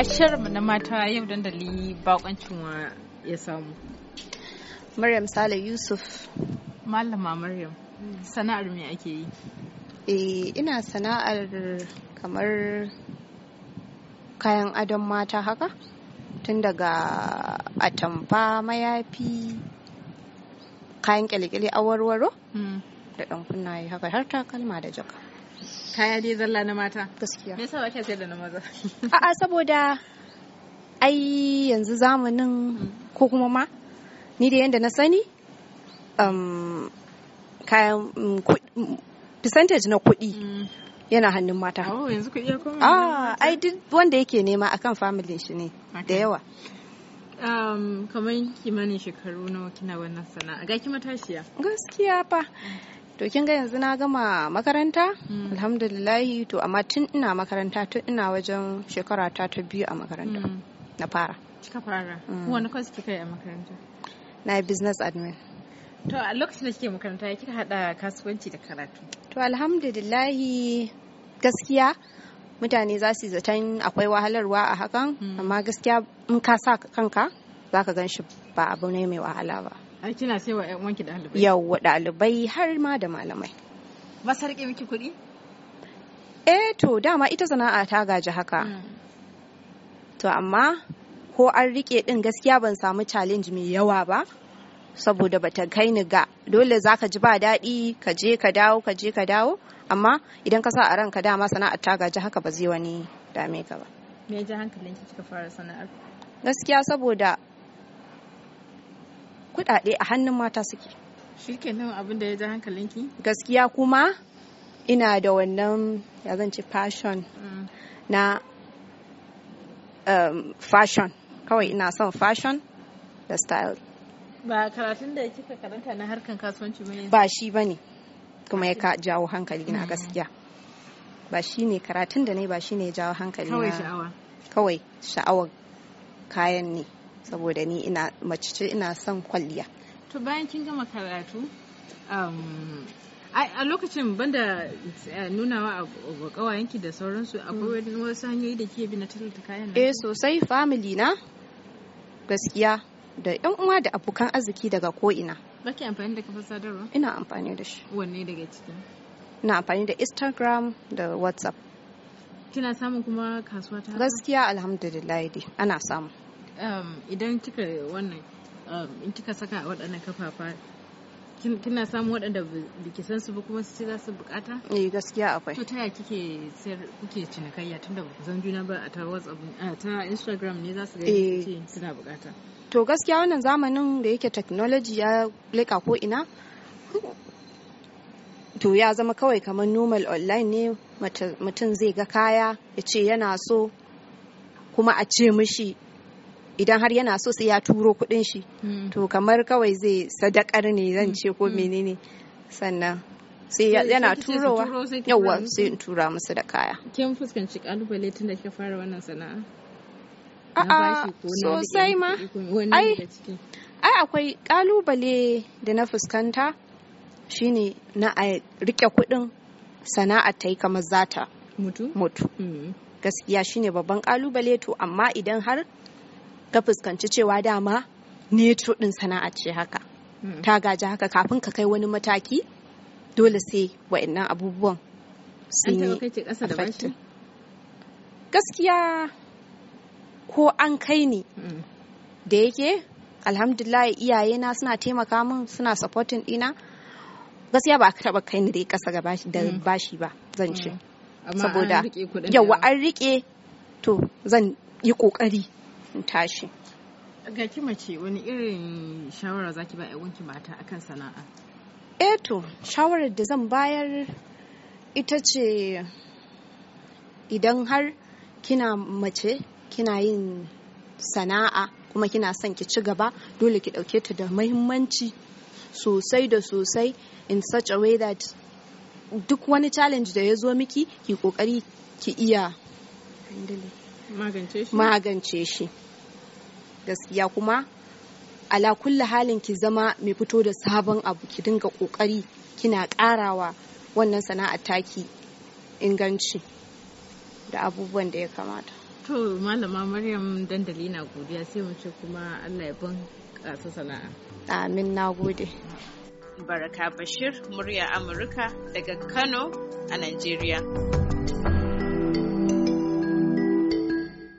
ashar na mata yau dandali bakoncin wa ya samu. Maryam Sale Yusuf. Malama Maryam, hmm. sana'ar me ake yi? Eh, ina sana'ar kamar kayan adon mata haka, tun daga atamfa mayafi, kayan kyalikyali awarwaro, hmm. da ɗan kunnaye haka har takalma da jaka. kaya dai zalla na mata gaskiya me yasa ba kya sayar da na maza a'a saboda ai yanzu zamanin mm. ko kuma ma ni da yanda na sani um, kaya mm, mm, percentage na kuɗi yana hannun mata. Oh, yanzu kuɗi ya koma ah, ai duk wanda yake nema akan family shi ne da yawa. Um, kamar kimanin shekaru nawa kina wannan sana'a ga ki matashiya. Gaskiya fa. to kin ga yanzu na gama makaranta hmm. alhamdulillahi to amma tun ina makaranta tun ina wajen shekara ta ta biyu a makaranta hmm. na fara kika fara hmm. wani kwas kika yi a makaranta na yi business admin to a lokacin da kike makaranta ya kika hada kasuwanci da karatu to alhamdulillahi gaskiya mutane za su zaton akwai wahalarwa a hakan amma gaskiya in ka sa kanka za ka gan shi ba abu ne mai wahala ba ai kina sai wa ƴan wanki ɗalibai yawa ɗalibai har ma da malamai ba sa rike miki kuɗi eh to dama ita sana'a ta gaji haka mm. to amma ko an rike ɗin gaskiya ban samu challenge mai yawa ba saboda bata kai ni ga dole za ka ji ba daɗi ka je ka dawo ka je ka dawo amma idan ka sa a ranka dama sana'ar ta gaji haka ba zai wani dame ka ba me ya ji hankalin kika fara sana'ar gaskiya saboda kudade a hannun mata suke shikenan abin da ya ji hankalinki gaskiya kuma ina da wannan ya zance fashion mm. na um, fashion kawai ina son fashion da style ba karatun da kika karanta na harkan kasuwanci bane ba shi ba ne kuma ya jawo hankali na mm. gaskiya ba shi ne karatun da ne ba shi ne ya jawo hankali na kawai sha'awar kayan ne saboda ni ina mace ce ina son kwalliya to bayan kin gama karatu um, a lokacin banda eh, nunawa a kawayenki da sauransu akwai mm. wasu hanyoyi da ke bi na tallata kayan eh sosai family na gaskiya da yan uwa da abokan arziki daga ko ina baki amfani da kafar sadarwa ina amfani da shi wanne daga ciki ina amfani da instagram da whatsapp kina samun kuma kasuwa ta gaskiya alhamdulillah dai ana samu Um, idan kika wannan um, in kika saka a waɗannan kafafa kina samun waɗanda biki san su ba kuma su za su bukata? Eh gaskiya akwai. To taya kike sayar kuke cinikayya tunda ba ku juna ba a ta WhatsApp ta Instagram ne za su ga kike eh. suna bukata. To gaskiya wannan zamanin da yake technology ya leka ko ina to ya zama kawai kamar normal online ne mutum zai ga kaya ya ce yana so kuma a ce mishi idan har yana so sai ya turo kuɗin shi hmm. to kamar kawai zai sadakar ne zan ce ko hmm. menene sannan sai yana turowa Yauwa sai in tura musu da kaya kin fuskanci kalubale tun da kika fara wannan sana'a a'a sosai ma ai ai akwai kalubale da na fuskanta shine na a rike kuɗin sana'a ta yi kamar zata mutu mutu hmm. gaskiya shine babban kalubale to amma idan har ka fuskanci cewa dama ne din sana'a ce haka hmm. ta gaji haka kafin ka kai wani mataki dole sai wa'annan abubuwan sun yi gaskiya ko an kai ni hmm. da yake alhamdulillah iyayena suna taimaka min suna supporting dina gaskiya ba a taba kai ni dai kasa ga hmm. bashi ba zan ce saboda yawa an rike to zan yi kokari in tashi ga ki mace wani irin shawara zaki ba wanki mata akan sana'a Eto, eh to shawarar da zan bayar ita ce idan har kina mace kina yin sana'a kuma kina son ki ci gaba dole ki ɗauke ta da mahimmanci sosai da sosai in such a way that duk wani challenge da ya zo miki ki ƙoƙari ki iya magance shi gaskiya kuma ala kulla halin ki zama mai fito da sabon abu ki dinga kokari kina karawa wannan sana'a taki inganci da abubuwan da ya kamata to malama maryam dandali na godiya sai mu ce kuma allah ya bin kasa sana'a amin na gode baraka bashir murya amurka daga kano a nigeria